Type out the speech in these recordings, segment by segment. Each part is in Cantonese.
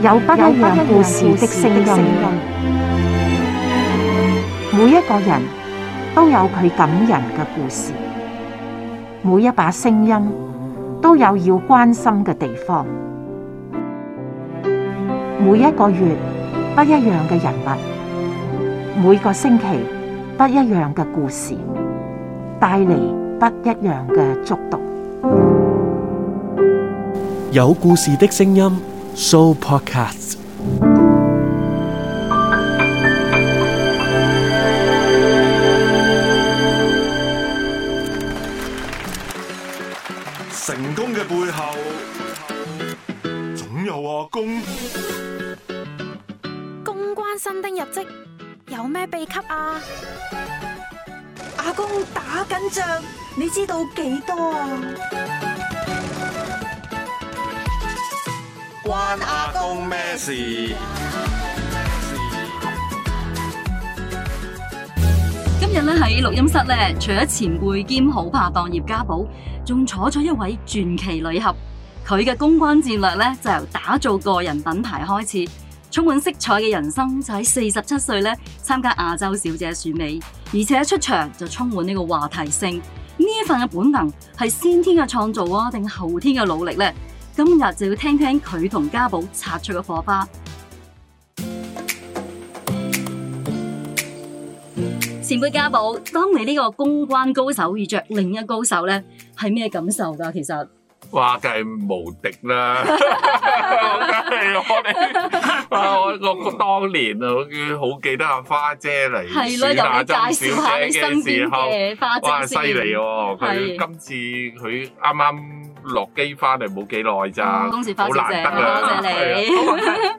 有不一樣故事的聲音，每一個人都有佢感人嘅故事，每一把聲音都有要關心嘅地方，每一個月不一樣嘅人物，每個星期不一樣嘅故事，帶嚟不一樣嘅觸動。有故事的聲音。Show Podcast。成功嘅背後，總有阿公。公關新丁入職，有咩秘笈啊？阿公打緊仗，你知道幾多啊？關阿公咩事？事今日咧喺錄音室咧，除咗前輩兼好拍檔葉家寶，仲坐咗一位傳奇女俠。佢嘅公關戰略咧就由打造個人品牌開始，充滿色彩嘅人生就喺四十七歲咧參加亞洲小姐選美，而且一出場就充滿呢個話題性。呢一份嘅本能係先天嘅創造啊，定後天嘅努力咧？今日就要聽聽佢同家寶擦出嘅火花。前輩家寶，當你呢個公關高手遇着另一高手咧，係咩感受噶？其實，哇，梗係無敵啦！我我我當年啊，好記得阿花姐嚟，介紹下你身邊嘅花姐，哇，犀利喎！佢今次佢啱啱。落機翻嚟冇幾耐咋，好難得啊！多謝你。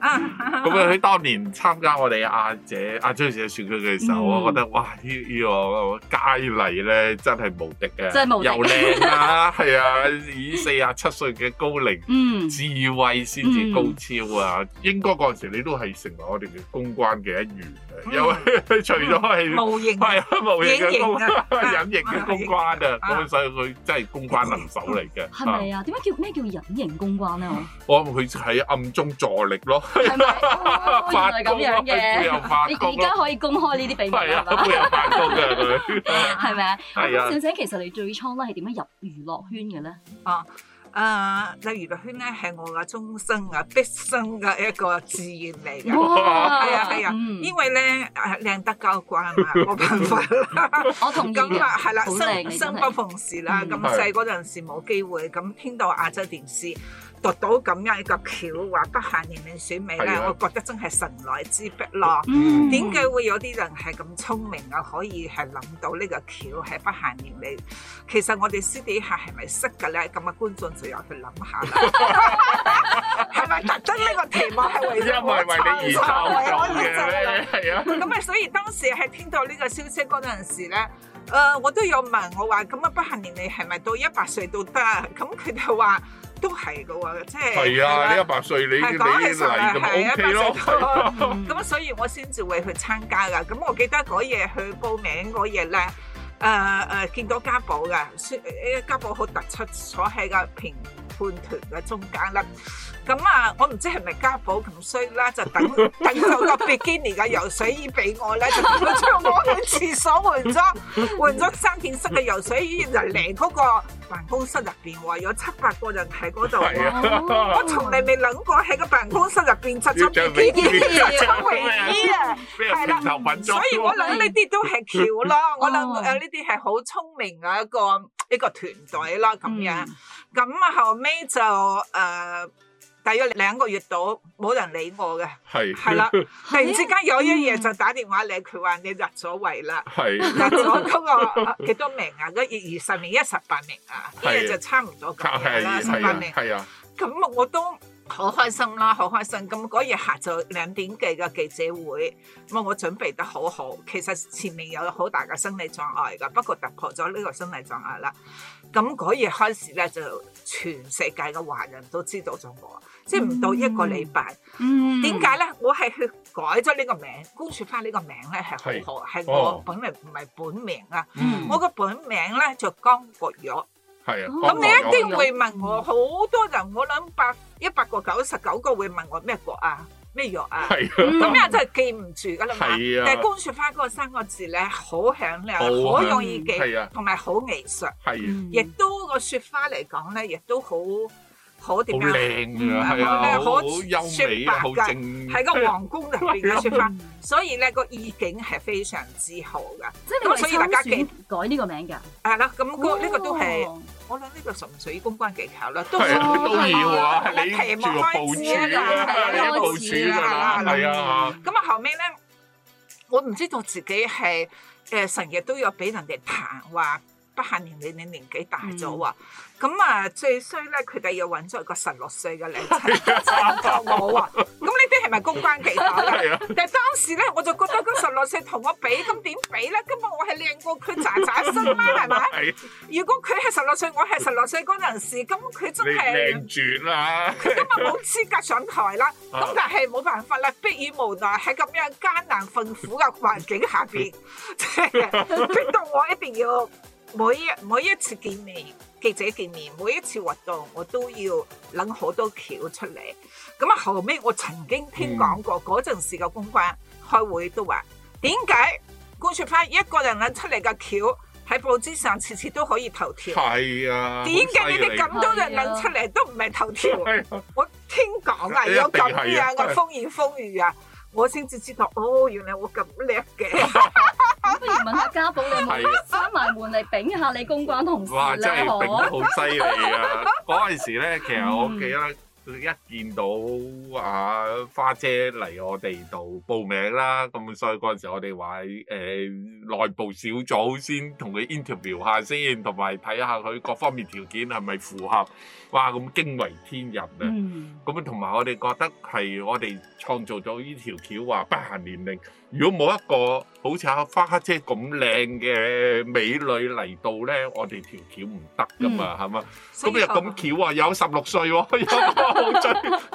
咁啊喺當年參加我哋阿姐阿張小姐選舉嘅時候，我覺得哇！呢呢個佳麗咧真係無敵啊，真係無敵，又靚啊，係啊！以四十七歲嘅高齡，智慧先至高超啊！應該嗰陣時你都係成為我哋嘅公關嘅一員嘅，又係除咗係無形，係啊，無形嘅公隱形嘅公關啊，咁所以佢真係公關能手嚟嘅。係啊，點解叫咩叫隱形公關咧？我我佢喺暗中助力咯，係 咪、哦？原來咁樣嘅， 你而家可以公開呢啲秘密？係啊，冇人發覺嘅佢，係咪啊？小姐 是、啊，其實你最初咧係點樣入娛樂圈嘅咧？啊！誒，uh, 例如娛樂圈咧係我嘅終生啊，畢生嘅一個志願嚟嘅。係啊係啊，因為咧誒靚得交關，冇辦法， 我同意，咁啊係啦，生生不逢時啦，咁細嗰陣時冇機會，咁聽到亞洲電視。的讀到咁樣一個橋話、啊、不限年齡選美咧，啊、我覺得真係神來之筆咯。點解、嗯、會有啲人係咁聰明啊？可以係諗到呢個橋係不限年齡。其實我哋私底下係咪識嘅咧？咁嘅觀眾就有去諗下啦。係咪 特登呢個題目係為，為，為，為你而設計嘅咧？係 啊。咁啊，所以當時係聽到呢個消息嗰陣時咧，誒、呃，我都有問我話：咁啊，不限年齡係咪到一百歲都得？咁佢就話。都係噶喎，即係。係啊，你一百歲你你嚟咁 OK 咯。咁所以我先至會去參加噶。咁我記得嗰日去報名嗰日咧，誒誒見到家寶嘅，家寶好突出，坐喺個屏。半團嘅中間啦，咁啊，我唔知係咪家寶咁衰啦，就等等就個比基尼嘅游水衣俾我咧，就同我出我去廁所換咗換咗三件式嘅游水衣就嚟嗰個辦公室入邊，哇有七八個人喺嗰度，我從來未諗過喺個辦公室入邊執咗比基尼嘅泳衣啊，係啦，所以我諗呢啲都係橋囉，我諗誒呢啲係好聰明嘅一個一個團隊啦，咁樣。咁啊，後尾就誒、呃，大約兩個月到，冇人理我嘅，係係啦。突然之間有一日就打電話嚟，佢話你入咗圍啦，是入咗嗰、那個幾多名啊？嗰二二十名一十八名啊，的就差唔多咁啦。十八名係啊，咁我都好開心啦，好開心。咁嗰日下晝兩點幾嘅記者會，我我準備得好好。其實前面有好大嘅心理障礙嘅，不過突破咗呢個心理障礙啦。咁嗰日開始咧，就全世界嘅華人都知道咗我，嗯、即係唔到一個禮拜。點解咧？我係去改咗呢個名，嗯、公雪芬呢個名咧係好，係、哦、我本嚟唔係本名啊。嗯、我個本名咧就是、江國玉。係啊。咁你一定會問我，好、嗯、多人我諗百一百個九十九個會問我咩國啊？咩藥啊？咁樣真係記唔住噶啦嘛！啊、但係《宮雪花》嗰三個字咧，好響香亮，好容易記，同埋好藝術。亦、啊嗯、都個雪花嚟講咧，亦都好。好靚嘅，係啊，好優美啊，好正，係個皇宮入面嘅雪花，所以咧個意境係非常之好噶。咁所以大家改改呢個名㗎。係啦，咁個呢個都係，我諗呢個純粹公關技巧啦，都都要啊。係啦，睇住個報紙啦，睇住個報紙啦，係啊。咁啊，後尾咧，我唔知道自己係誒成日都要俾人哋彈話，不限你你年紀大咗啊！咁啊，最衰咧，佢哋又揾咗個十六歲嘅靚仔嚟作我喎、啊。咁呢啲係咪公關技巧咧？ 但係當時咧，我就覺得個十六歲同我比，咁點比咧？今日我係靚過佢仔仔身啦，係咪 吧？ 如果佢係十六歲，我係十六歲嗰陣時，咁佢真係靚轉啦、啊。佢 今日冇資格上台啦。咁 但係冇辦法啦，迫於無奈，喺咁樣艱難困苦嘅環境下邊，逼 到我一定要。每一每一次見面記者見面，每一次活動，我都要諗好多橋出嚟。咁啊，後尾我曾經聽講過嗰陣、嗯、時嘅公關開會都話，點解冠雪輝一個人諗出嚟嘅橋喺報紙上次次都可以頭條？係啊，點解你哋咁多人諗出嚟都唔係頭條？啊、我聽講啊，有咁樣嘅風言風語啊，我先至知道、啊、哦，原來我咁叻嘅。 不如問下家寶，你閂埋門嚟，頂下你公關同事咧，真係頂得好犀利啊！嗰陣時咧，其實我記得一見到啊花姐嚟我哋度報名啦，咁所以嗰陣時我哋話誒內部小組先同佢 interview 下先，同埋睇下佢各方面條件係咪符合。哇！咁驚為天人啊！咁啊，同埋我哋覺得係我哋創造咗呢條橋，話不限年齡。如果冇一個好似阿花姐咁靚嘅美女嚟到咧，我哋條橋唔得噶嘛，係嘛，嗯？咁又咁巧啊，有十六歲喎，有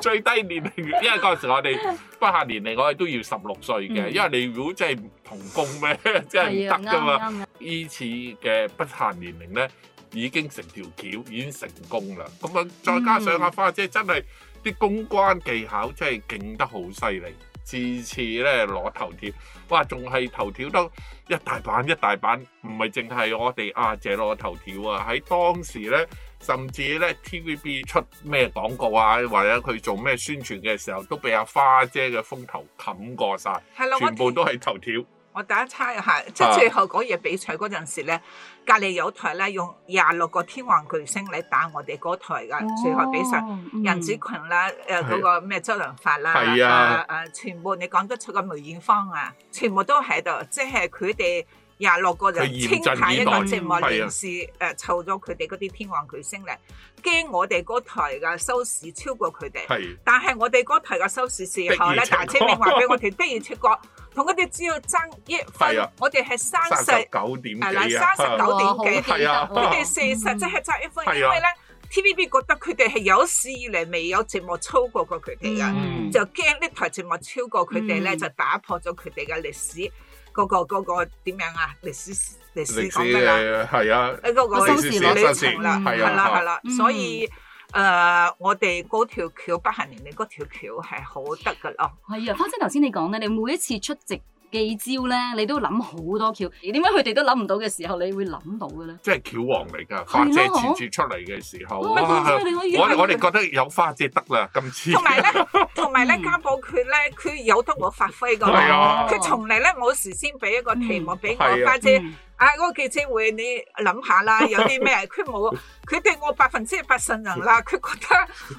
最 最低年齡，因為嗰陣時我哋不限年齡，我哋都要十六歲嘅，嗯、因為你如果真係童工咩，嗯、 真係唔得噶嘛。依、嗯、次嘅不限年齡咧，已經成條橋已經成功啦。咁啊，再加上阿、啊、花姐真係啲、嗯、公關技巧真係勁得好犀利。次次咧攞頭條，哇，仲係頭條得一大版一大版，唔係淨係我哋阿姐攞頭條啊，喺當時咧，甚至咧 TVB 出咩廣告啊，或者佢做咩宣傳嘅時候，都俾阿、啊、花姐嘅風頭冚過晒，的全部都係頭條。 我第一猜下，即最後嗰日比賽嗰陣時咧，隔離有台咧用廿六個天王巨星嚟打我哋嗰台嘅最後比賽，楊子群啦，誒嗰個咩周潤發啦，誒誒全部你講得出嘅梅艷芳啊，全部都喺度，即係佢哋廿六個人傾下一個節目，於是誒湊咗佢哋嗰啲天王巨星嚟驚我哋嗰台嘅收視超過佢哋，但係我哋嗰台嘅收視時候咧，大車伕話俾我哋，不如出國。同佢哋只要爭一分，我哋係三十九點幾啊！三十九點幾，佢哋四十，即係爭一分。因為咧，TVB 覺得佢哋係有史以嚟未有節目超過過佢哋㗎，就驚呢台節目超過佢哋咧，就打破咗佢哋嘅歷史。嗰個嗰個點樣啊？歷史歷史講咩啊？係啊！你嗰個收視率收視啦，係啦係啦，所以。誒、uh,，我哋嗰條橋不行，你嗰條橋係好得噶咯。係啊，花姐頭先你講咧，你每一次出席記招咧，你都諗好多橋。點解佢哋都諗唔到嘅時候，你會諗到嘅咧？即係橋王嚟噶，花姐次次出嚟嘅時候，我哋。我哋覺得有花姐得啦，今次。同埋咧，同埋咧，家寶佢咧，佢有得我發揮噶嘛？佢從嚟咧，我事先俾一個題目俾我花姐。啊！嗰個、哎、記者會，你諗下啦，有啲咩？佢冇，佢對我百分之百信任啦。佢覺得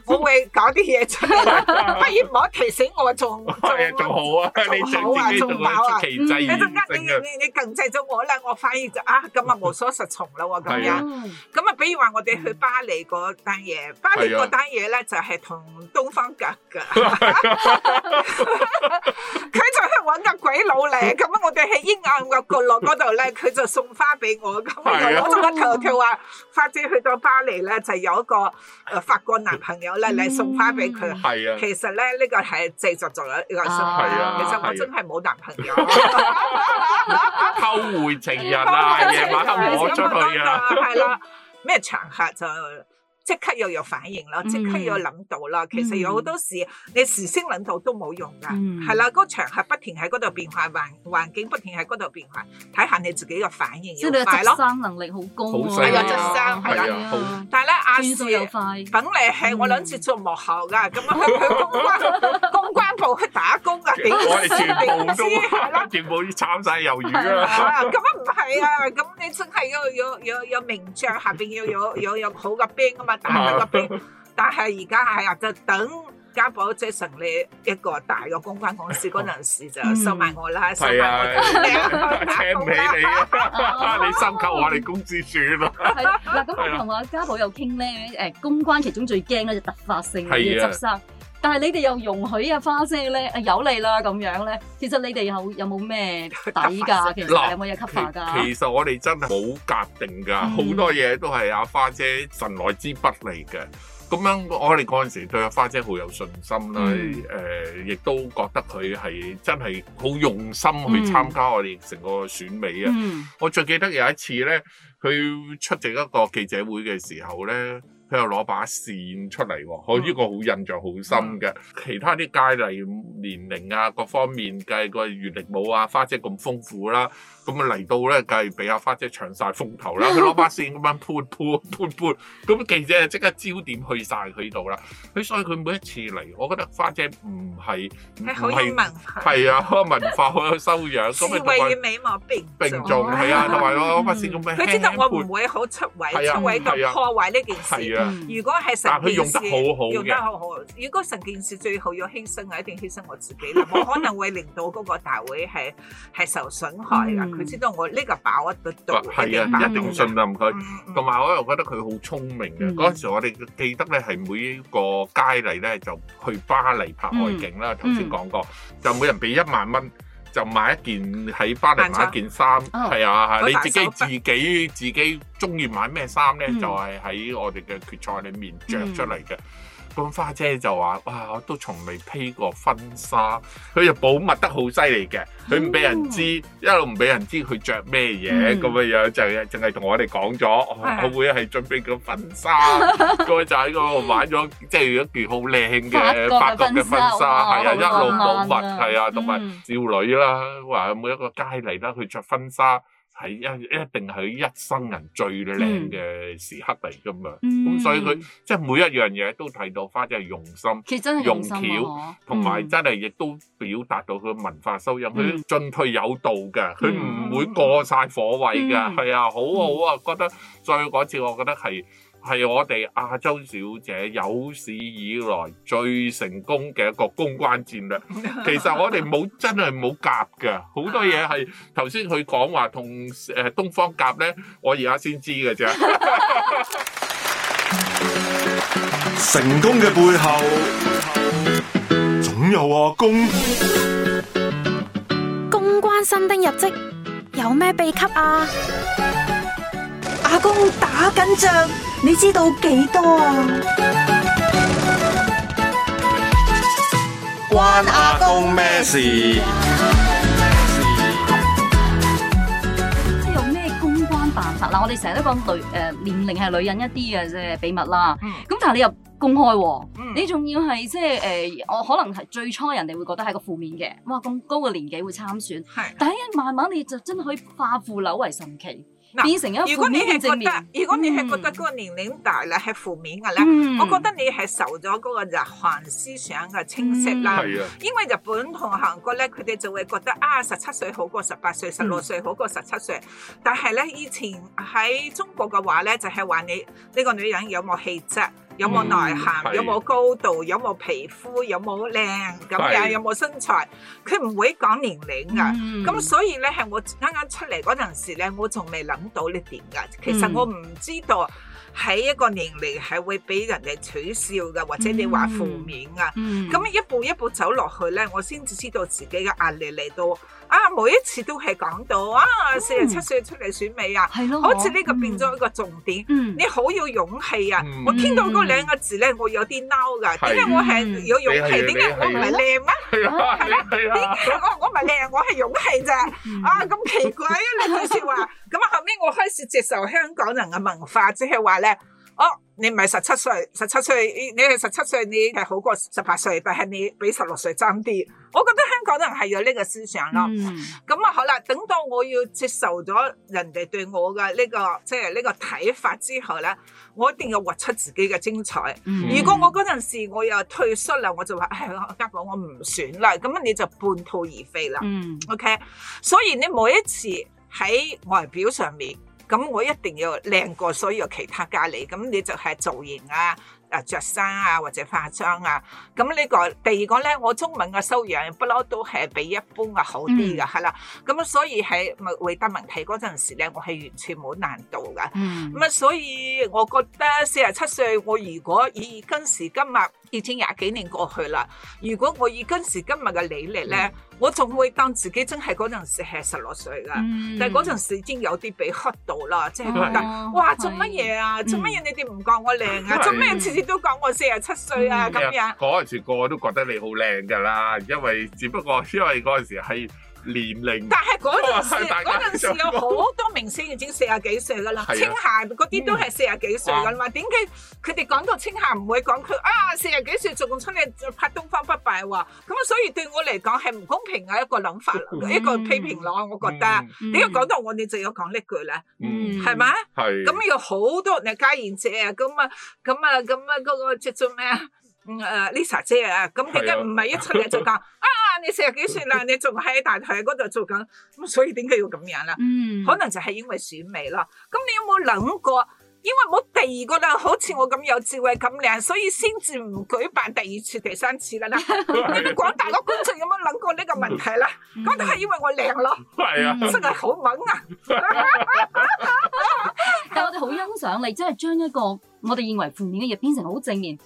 我會搞啲嘢出嚟，哈哈，不如唔好提醒我，仲仲、哎、好啊！仲好啊！仲爆啊！你陣間你你你更制咗我啦！我反而就啊咁啊無所適從啦喎咁樣。咁啊，嗯、比如話我哋去巴黎嗰單嘢，巴黎嗰單嘢咧就係同東方隔嘅。佢、啊、 就去揾個鬼佬嚟，咁啊我哋喺陰暗嘅角落嗰度咧，佢就。送花俾我咁，我做乜佢，佢話，發姐去到巴黎咧，就有一個誒法國男朋友咧嚟送花俾佢。係啊，其實咧呢個係繼作做咗呢、這個。係啊，其實我真係冇男朋友。偷、啊啊、 回情人啊，夜晚偷我出去啊，係啦，咩場合就？即刻又有反應啦，即刻有諗到啦。其實有好多時，你時先諗到都冇用噶。係啦，嗰場係不停喺嗰度變化，環環境不停喺嗰度變化。睇下你自己嘅反應。即係你嘅執生能力好高啊！係啊，執生係啊。但係咧，亞視本嚟係我諗住做幕後㗎，咁樣去去公關公關部去打工啊？點我係全職，係啦，全部啲炒晒魷魚啊！咁啊唔係啊，咁你真係要有有有名將，下邊要有有有好嘅兵啊嘛！但係嗰邊，但係而家喺入邊就等嘉寶，即係成立一個大嘅公關公司嗰陣時就收埋我啦，收埋我，請唔起你啊，你心急我哋工資轉啦。嗱咁我同話嘉寶又傾咧，誒，公關其中最驚咧就突發性嘅執生。但係你哋又容許阿、啊、花姐咧，誒由你啦咁樣咧，其實你哋有有冇咩底㗎？ 其實有冇嘢吸下㗎？其實我哋真係好夾定㗎，好、嗯、多嘢都係阿、啊、花姐神來之筆嚟嘅。咁樣我哋嗰陣時對阿花姐好有信心啦。誒、嗯，亦、呃、都覺得佢係真係好用心去參加我哋成個選美啊。嗯嗯、我最記得有一次咧，佢出席一個記者會嘅時候咧。佢又攞把扇出嚟喎，我、這、呢個好印象好深嘅。嗯、其他啲佳麗年齡啊，各方面嘅個閱歷冇啊花姐咁豐富啦、啊。咁啊嚟到咧，梗係俾阿花姐搶晒風頭啦！佢攞把扇咁樣潑潑潑潑，咁記者即刻焦點去晒佢度啦。所以佢每一次嚟，我覺得花姐唔係唔係文化，係啊，文化好有修養，智慧與美貌並並重係、哦、啊，同埋攞把扇咁樣佢知道我唔會好出位，啊啊、出位咁破壞呢件事。啊啊、如果係成件，但佢用得好好用得好好。如果成件事最後要犧牲，我一定犧牲我自己啦。我 可能會令到嗰個大會係係受損害噶。佢知道我呢個把握得對，係啊，一定要信任佢。同埋我又覺得佢好聰明嘅。嗰陣時我哋記得咧，係每一個佳麗咧就去巴黎拍外景啦。頭先講過，就每人俾一萬蚊，就買一件喺巴黎買一件衫。係啊，你自己自己自己中意買咩衫咧，就係喺我哋嘅決賽裡面著出嚟嘅。個花姐就話，哇！我都從未披過婚紗，佢就保密得好犀利嘅，佢唔畀人知，嗯、一路唔畀人知佢着咩嘢咁嘅樣，樣，就淨係同我哋講咗，我、嗯、會係準備個婚紗，個仔喺度玩咗即係一件好靚嘅法國嘅婚紗，係、哦、啊，一路保密，係啊，同埋、嗯、少女啦，話每一個佳麗啦，佢着婚紗。係一一定係一生人最靚嘅時刻嚟㗎嘛，咁、嗯、所以佢即係每一樣嘢都睇到花姐用心，用心、啊、用巧，同埋、嗯、真係亦都表達到佢文化收音，佢、嗯、進退有道㗎，佢唔會過晒火位㗎，係、嗯、啊，好好啊，嗯、覺得所以嗰次我覺得係。係我哋亞洲小姐有史以來最成功嘅一個公關戰略。其實我哋冇真係冇夾㗎，好多嘢係頭先佢講話同誒東方夾咧，我而家先知㗎啫。成功嘅背後，總有阿公公關新丁入職，有咩秘笈啊？阿公打緊仗。你知道幾多啊？關阿公咩事？咩事即係用咩公關辦法啦？我哋成日都講女誒年齡係女人一啲嘅秘密啦。咁、嗯、但係你又公開，嗯、你仲要係即係誒，我、呃、可能係最初人哋會覺得係個負面嘅，哇！咁高嘅年紀會參選，但係的慢慢你就真係可以化腐朽為神奇。嗱，變成如果你係覺得，嗯、如果你係覺得個年齡大啦係負面嘅咧，嗯、我覺得你係受咗嗰個日韓思想嘅侵蝕啦。嗯、因為日本同韓國咧，佢哋就會覺得啊，十七歲好過十八歲，十六歲好過十七歲。嗯、但係咧，以前喺中國嘅話咧，就係、是、話你呢、呢個女人有冇氣質。有冇內涵？嗯、有冇高度？有冇皮膚？有冇靚咁嘅？是有冇身材？佢唔會講年齡㗎！咁、嗯、所以咧，係我啱啱出嚟嗰陣時咧，我仲未諗到呢點噶。其實我唔知道喺一個年齡係會俾人哋取笑噶，或者你話負面啊。咁、嗯嗯、一步一步走落去咧，我先至知道自己嘅壓力嚟到。啊！每一次都係講到啊，四十七歲出嚟選美啊，好似呢個變咗一個重點。嗯，你好有勇氣啊！我聽到嗰兩個字咧，我有啲嬲噶。點解我係有勇氣？點解我唔係靚啊？係啊，係啊！點解我我唔係靚？我係勇氣咋？啊咁奇怪啊！你到時話咁啊，後面我開始接受香港人嘅文化，即係話咧，哦，你唔係十七歲，十七歲你係十七歲，你係好過十八歲，但係你比十六歲爭啲。我覺得。可能係有呢個思想咯，咁啊、嗯、好啦，等到我要接受咗人哋對我嘅呢、這個即係呢個睇、這個、法之後咧，我一定要活出自己嘅精彩。嗯、如果我嗰陣時我又退出啦，我就話，哎呀，家婆，我唔選啦。咁啊，你就半途而廢啦。嗯、OK，所以你每一次喺外表上面，咁我一定要靚過所有其他家嚟。咁你就係造型啊。啊，著衫啊或者化妝啊，咁呢個第二個咧，我中文嘅修養不嬲都係比一般嘅好啲嘅，係啦。咁啊，所以喺回答問題嗰陣時咧，我係完全冇難度嘅。咁啊，所以我覺得四十七歲，我如果以今時今日已經廿幾年過去啦，如果我以今時今日嘅履歷咧，嗯、我仲會當自己真係嗰陣時係十六歲嘅，嗯，但係嗰陣時已經有啲畀黑到啦，即係覺得哇做乜嘢啊？做乜嘢？你哋唔講我靚啊？做咩次？Hmm. 都講我四十七歲啊，咁、嗯、樣，嗰陣時個我都覺得你好靚㗎啦，因為只不過因為嗰陣時係。年齡，但係嗰陣時，嗰陣時有好多明星已經四啊幾歲噶啦，青霞嗰啲都係四啊幾歲噶啦。點解佢哋講到青霞唔會講佢啊？四啊幾歲仲出嚟拍《東方不敗》話咁啊？所以對我嚟講係唔公平嘅一個諗法，一個批評咯，啊，我覺得。點解講到我哋就要講呢句咧？係咪？係。咁有好多嘅嘉燕姐啊，咁啊，咁啊，咁啊，嗰個叫做咩啊？啊，Lisa 姐啊，咁佢哋唔係一出嚟就講啊。你四十幾歲喇？你仲喺大台嗰度做緊，咁所以點解要咁樣咧？嗯，可能就係因為選美咯。咁你有冇諗過？因為冇第二個啦，好似我咁有智慧咁靚，所以先至唔舉辦第二次、第三次㗎啦。 你哋廣大嘅觀眾有冇諗過呢個問題咧？我哋係因為我靚咯，係、嗯、啊，真係好猛啊！但係我哋好欣賞你，真係將一個我哋認為負面嘅嘢變成好正面。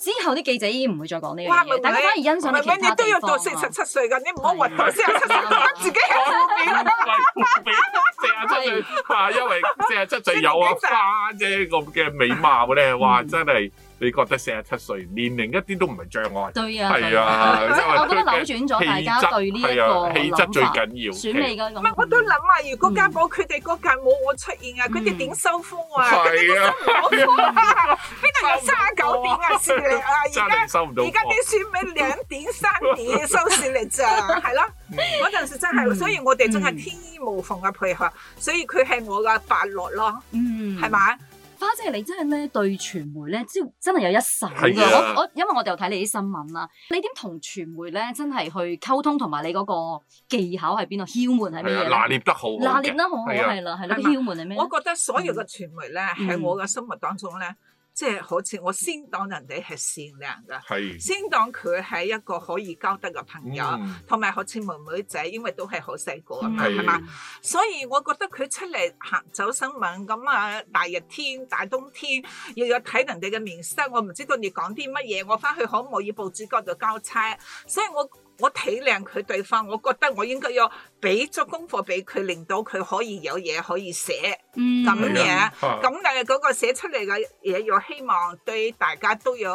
之後啲記者已經唔會再講呢樣嘢。反而白欣賞你都要到四十七歲㗎，你唔好暈到四十七歲自己老咗幾四十七歲，因為四十七歲有阿花啫咁嘅美貌咧，哇！真係、 嗯、～你覺得四十七歲年齡一啲都唔係障礙，對啊，係啊，因為我覺得扭轉咗大家對呢一個氣質最緊要選美嗰個，我都諗下，如果家寶佢哋嗰屆冇我出現啊，佢哋點收風啊？邊度有三十九點嘅視嚟啊？而家收唔到。而家啲選美兩點三點收視力咋？係咯，嗰陣時真係，所以我哋真係天衣無縫嘅配合，所以佢係我嘅法律咯，嗯，係嘛？花姐，你真係咧對傳媒咧，即真係有一手㗎的。我我因為我哋又睇你啲新聞啦，你點同傳媒咧真係去溝通，同埋你嗰個技巧係邊度，竅門係咩？拿捏得好，拿捏得好，我係咯，係咯的。的竅門係咩？我覺得所有嘅傳媒咧，喺、嗯、我嘅生活當中咧。嗯即係好似我先當人哋係善良㗎，是先當佢係一個可以交得嘅朋友，同埋、嗯、好似妹妹仔，因為都係好細個吖，係嘛？所以我覺得佢出嚟行走新聞咁啊，大日天、大冬天，又有睇人哋嘅面色。我唔知道你講啲乜嘢，我翻去可唔可以報紙嗰度交差？所以我。我體諒佢對方，我覺得我應該要俾足功課俾佢，令到佢可以有嘢可以寫。嗯，咁樣咁但係嗰個寫出嚟嘅嘢，又希望對大家都有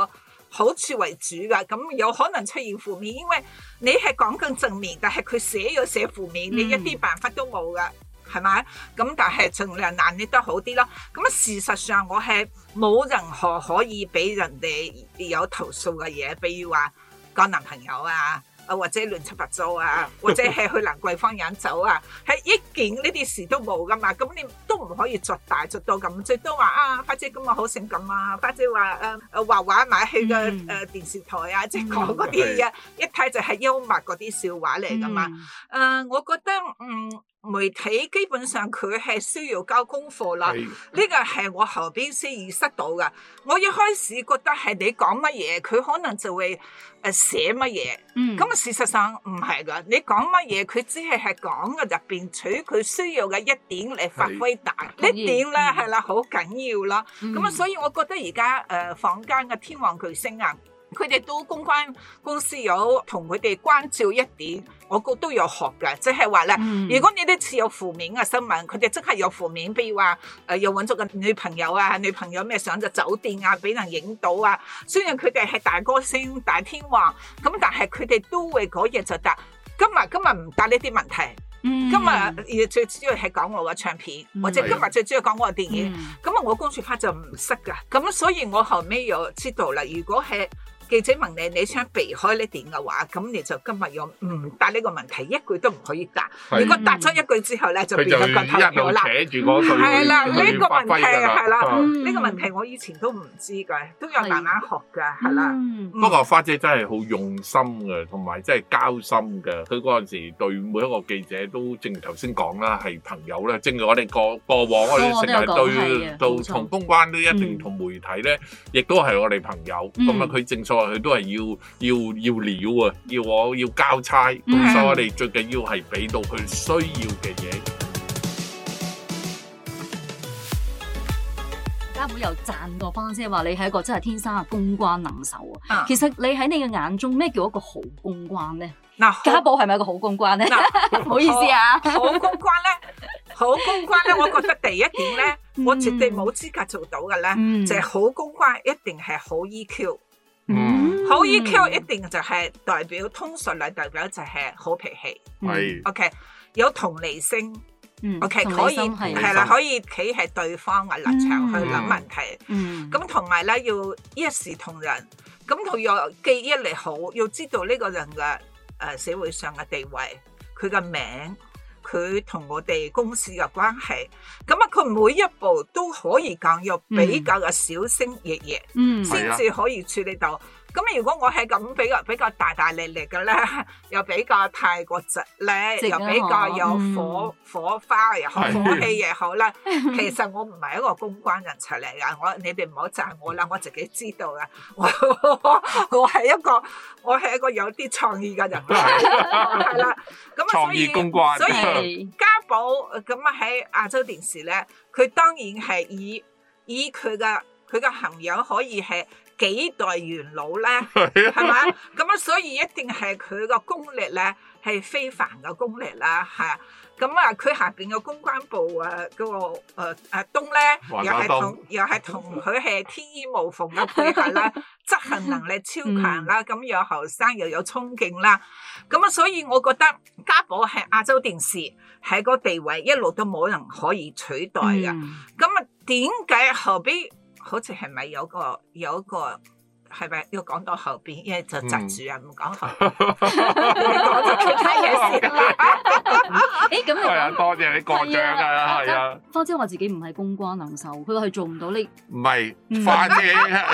好處為主㗎。咁有可能出現負面，因為你係講緊正面，但係佢寫咗寫負面，你一啲辦法都冇㗎，係咪、嗯？咁但係儘量難你得好啲咯。咁啊事實上我係冇任何可以俾人哋有投訴嘅嘢，比如話講男朋友啊。啊或者亂七八糟啊，或者係去蘭桂坊飲酒啊，係 一件呢啲事都冇噶嘛，咁你都唔可以作大作到咁，最多話啊花姐今日好性感啊，花姐話誒誒畫畫買去個誒電視台啊，即係講嗰啲嘢， 一睇就係幽默嗰啲笑話嚟噶嘛，誒、 uh, 我覺得嗯。媒體基本上佢係需要交功課啦，呢的個係我後邊先意識到噶。我一開始覺得係你講乜嘢，佢可能就會誒寫乜嘢。咁啊、嗯，事實上唔係噶，你講乜嘢，佢只係係講嘅入邊取佢需要嘅一點嚟發揮大的呢點咧，係啦、嗯，好緊要啦。咁啊、嗯，所以我覺得而家誒坊間嘅天王巨星啊，佢哋都公關公司有同佢哋關照一點，我覺都有學嘅，即係話咧。嗯、如果你啲似有負面嘅新聞，佢哋即刻有負面，比如話誒、呃、又揾咗個女朋友啊，女朋友咩上咗酒店啊，俾人影到啊。雖然佢哋係大歌星、大天王，咁但係佢哋都會嗰日就答，今日今日唔答呢啲問題。嗯、今日最主要係講我嘅唱片，嗯、或者今日最主要講我嘅電影。咁啊、嗯，嗯、我公署法就唔識噶。咁所以我後尾又知道啦。如果係記者問你，你想避開呢點嘅話，咁你就今日要唔答呢個問題，一句都唔可以答。如果答咗一句之後咧，就變咗個偷梁。係啦，呢個問題係啦，呢個問題我以前都唔知嘅，都要慢慢學嘅，係啦。不過花姐真係好用心嘅，同埋真係交心嘅。佢嗰陣時對每一個記者都正如頭先講啦，係朋友咧。正如我哋過過往我哋成日對到同公關都一定同媒體咧，亦都係我哋朋友。咁啊，佢正所。佢都係要要要料啊，要我要交差，咁、嗯、所以我哋最緊要係俾到佢需要嘅嘢。嗯、家寶又贊過返，先係話你係一個真係天生嘅公關能手啊。其實你喺你嘅眼中，咩叫一個好公關咧？嗱、啊，家寶係咪一個好公關咧？唔、啊、 好意思啊，好公關咧，好公關咧，我覺得第一點咧，我絕對冇資格做到嘅咧，嗯、就係好公關一定係好 EQ。Mm hmm. 好 EQ 一定就係代表通常嚟，代表就係好脾氣，係、mm hmm. OK 有同理心，OK、mm hmm. 可以係啦以，可以企喺對方嘅立場去諗問題，咁同埋咧要一視同仁，咁同又記憶力好，要知道呢個人嘅誒、呃、社會上嘅地位，佢嘅名。佢同我哋公司嘅關係，咁啊，佢每一步都可以揀入比較嘅小心翼翼，嗯，先至可以處理到。咁如果我係咁比較比較大大咧咧嘅咧，又比較太過直力，又比較有火、嗯、火花又好，火氣又好啦。嗯、其實我唔係一個公關人才嚟噶，我，你哋唔好讚我啦，我自己知道噶。我我係一個我係一個有啲創意嘅人，係 啦。所以創意公關，所以家寶咁啊喺亞洲電視咧，佢當然係以以佢嘅佢嘅涵養可以係。幾代元老咧，係啊， 係嘛？咁啊，所以一定係佢個功力咧係非凡嘅功力啦，嚇。咁啊，佢下邊嘅公關部啊，嗰、那個阿誒、呃、東咧，又係同又係同佢係天衣無縫嘅配合啦， 執行能力超強啦，咁又後生又有衝勁啦。咁啊，所以我覺得家寶喺亞洲電視喺個地位一路都冇人可以取代嘅。咁啊、嗯，點解何必？好似係咪有個，有個。係咪要講到後邊？因為就窒住啊，唔講後，講啲其他嘅事。誒，咁多謝你過獎嘅，係啊。花姐話自己唔係公關能手，佢話佢做唔到呢。唔係，花姐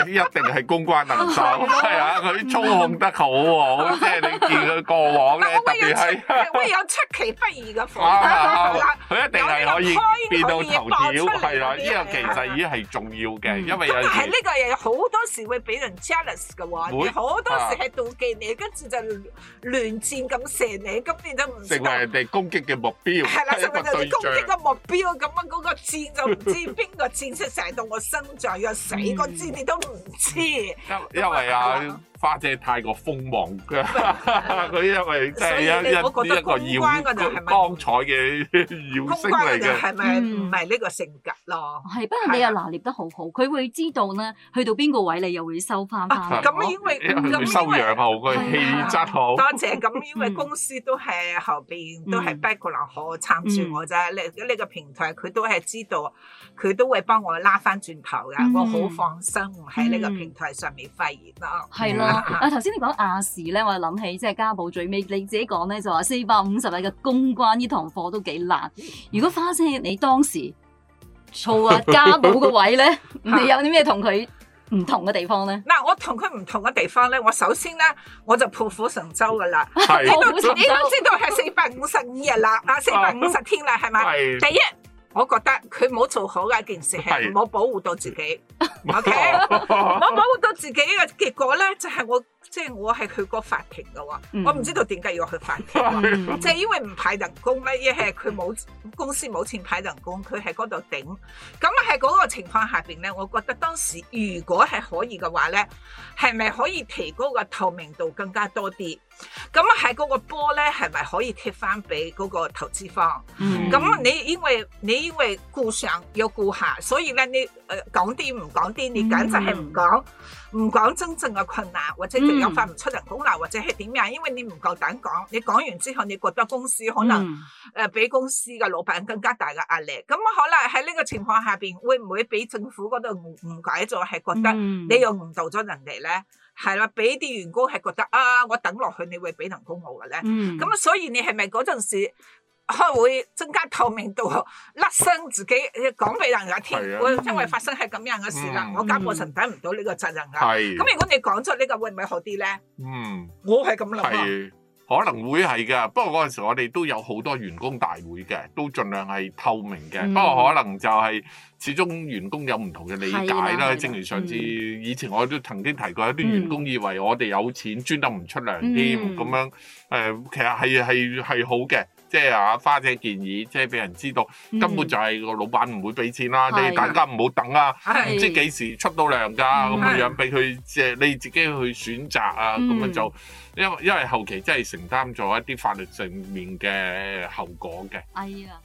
一定係公關能手，係啊，佢操控得好喎。即係你見佢過往嘅，特別係會有出其不意嘅。啱啊，佢一定係可以變到頭條，係啦，呢個其實已經係重要嘅，因為又係。但係呢個嘢好多時會俾人。j e a 好多時係妒忌你，跟住就亂箭咁射你，咁你都唔成為人哋攻擊嘅目標，係啦，成為攻擊嘅目標，咁乜嗰個箭就唔知邊 個箭出射到我身上，又死個箭 你都唔知，因為，麼因為啊。嗯花姐太過鋒芒，佢因為係一一個耀光彩嘅耀星嚟嘅，唔係呢個性格咯。係，不過你又拿捏得好好，佢會知道咧，去到邊個位你又會收翻翻。咁因為收養後，佢氣質好。多謝咁，因為公司都係後邊都係 background 好撐住我啫。呢呢個平台佢都係知道，佢都會幫我拉翻轉頭嘅，我好放心喺呢個平台上面發言咯。係啦。哦、啊！頭先、啊、你講亞視咧，我就諗起即係家寶最尾你自己講咧，就話四百五十日嘅公關呢堂課都幾難。如果花姐你當時坐阿家寶個位咧， 你有啲咩同佢唔同嘅地方咧？嗱、啊，我同佢唔同嘅地方咧，我首先咧我就破釜沉舟噶啦，破釜沉舟，你都知道係四百五十五日啦，啊，四百五十天啦，係咪？第一。我覺得佢冇做好嘅一件事係冇是保護到自己 ，OK？冇 保護到自己嘅結果咧，就係、是、我。即係我係去過法庭噶，嗯、我唔知道點解要去法庭，嗯、即係因為唔派人工咧，亦係佢冇公司冇錢派人工，佢喺嗰度頂。咁喺嗰個情況下邊咧，我覺得當時如果係可以嘅話咧，係咪可以提高個透明度更加多啲？咁喺嗰個波咧，係咪可以貼翻俾嗰個投資方？咁、嗯、你因為你因為顧上有顧下，所以咧你誒講啲唔講啲，你簡直係唔講，唔講真正嘅困難或者、嗯。Mm hmm. 有發唔出人工啦，或者係點樣？因為你唔夠膽講，你講完之後你覺得公司可能誒俾公司嘅老闆更加大嘅壓力，咁、mm hmm. 可能喺呢個情況下邊會唔會俾政府嗰度誤解咗，係覺得你又誤導咗人哋咧？係啦，俾啲員工係覺得啊，我等落去你會俾人工我嘅咧？咁、mm hmm. 所以你係咪嗰陣時？開會增加透明度，甩身自己講俾人哋聽，啊、會因為發生係咁樣嘅事啦，嗯、我家冇承睇唔到呢個責任啊。咁是如果你講出呢個會唔會好啲咧？嗯，我係咁諗啊。可能會係噶，不過嗰陣時我哋都有好多員工大會嘅，都盡量係透明嘅。嗯、不過可能就係始終員工有唔同嘅理解啦。正如上次、嗯、以前我都曾經提過，一啲員工、嗯、以為我哋有錢，專登唔出糧添咁樣。誒、呃，其實係係係好嘅。即係啊，花姐建議，即係俾人知道根本就係個老闆唔會俾錢啦，嗯、你大家唔好等啊，唔的知幾時出到糧㗎咁樣，俾佢即係你自己去選擇啊，咁樣就因為因為後期真係承擔咗一啲法律上面嘅後果嘅。係啊。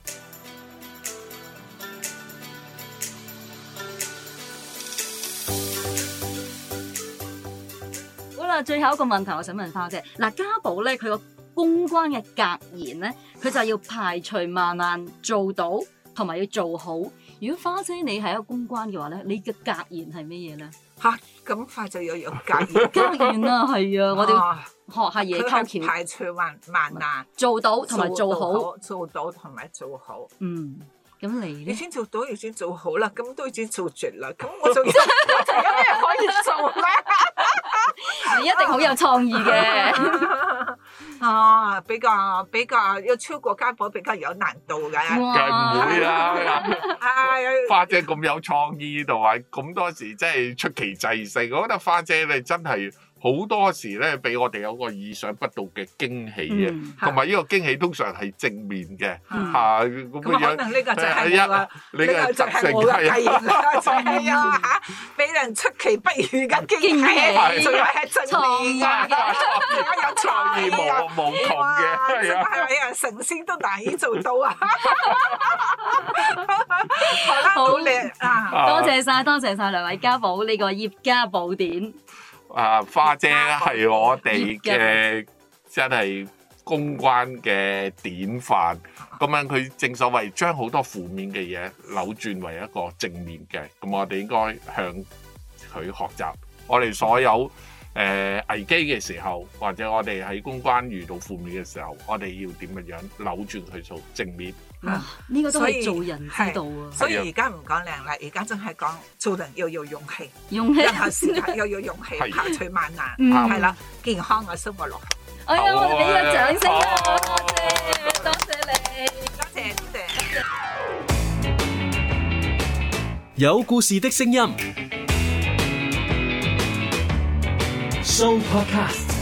好啦，最後一個問題，我想問花姐，嗱，家寶咧佢個公關嘅格言咧，佢就要排除萬難做到，同埋要做好。如果花姐你係一個公關嘅話咧，你嘅格言係乜嘢咧？吓咁、啊、快就又有格言？格言啊，係啊，啊我哋學下嘢。佢排除萬萬難做到，同埋做好做到，同埋做好。嗯，咁你你先做到，又先做好啦，咁都已經做絕啦。咁我仲有咩可以做咧？ 你一定好有創意嘅。啊、哦，比較比較要超過家婆比較有難度嘅，梗唔哇會啦。啊， 花姐咁有創意，同埋咁多時真係出奇制勝。我覺得花姐你真係。好多時咧，俾我哋有個意想不到嘅驚喜嘅，同埋呢個驚喜通常係正面嘅，嚇咁樣。可能呢個就係一，啦，呢個就係正題啦，係啊嚇，俾人出其不意嘅驚喜，仲有係正面，創意啊，有創意無無窮嘅，係啊，係咪人神仙都難以做到啊？好叻啊！多謝曬，多謝曬兩位家寶呢個葉家寶典。啊，花姐係我哋嘅真係公關嘅典範。咁樣佢正所謂將好多負面嘅嘢扭轉為一個正面嘅，咁我哋應該向佢學習。我哋所有誒危機嘅時候，或者我哋喺公關遇到負面嘅時候，我哋要點樣扭轉佢做正面。呢個都可以做人態度啊！所以而家唔講靚啦，而家真係講做人要有勇氣，然後先又要有勇氣排除萬難。嗯，係啦，健康嘅生活落去。哎呀！我哋俾個掌聲啊！多謝多謝你，多謝多謝。有故事的聲音，Supercast。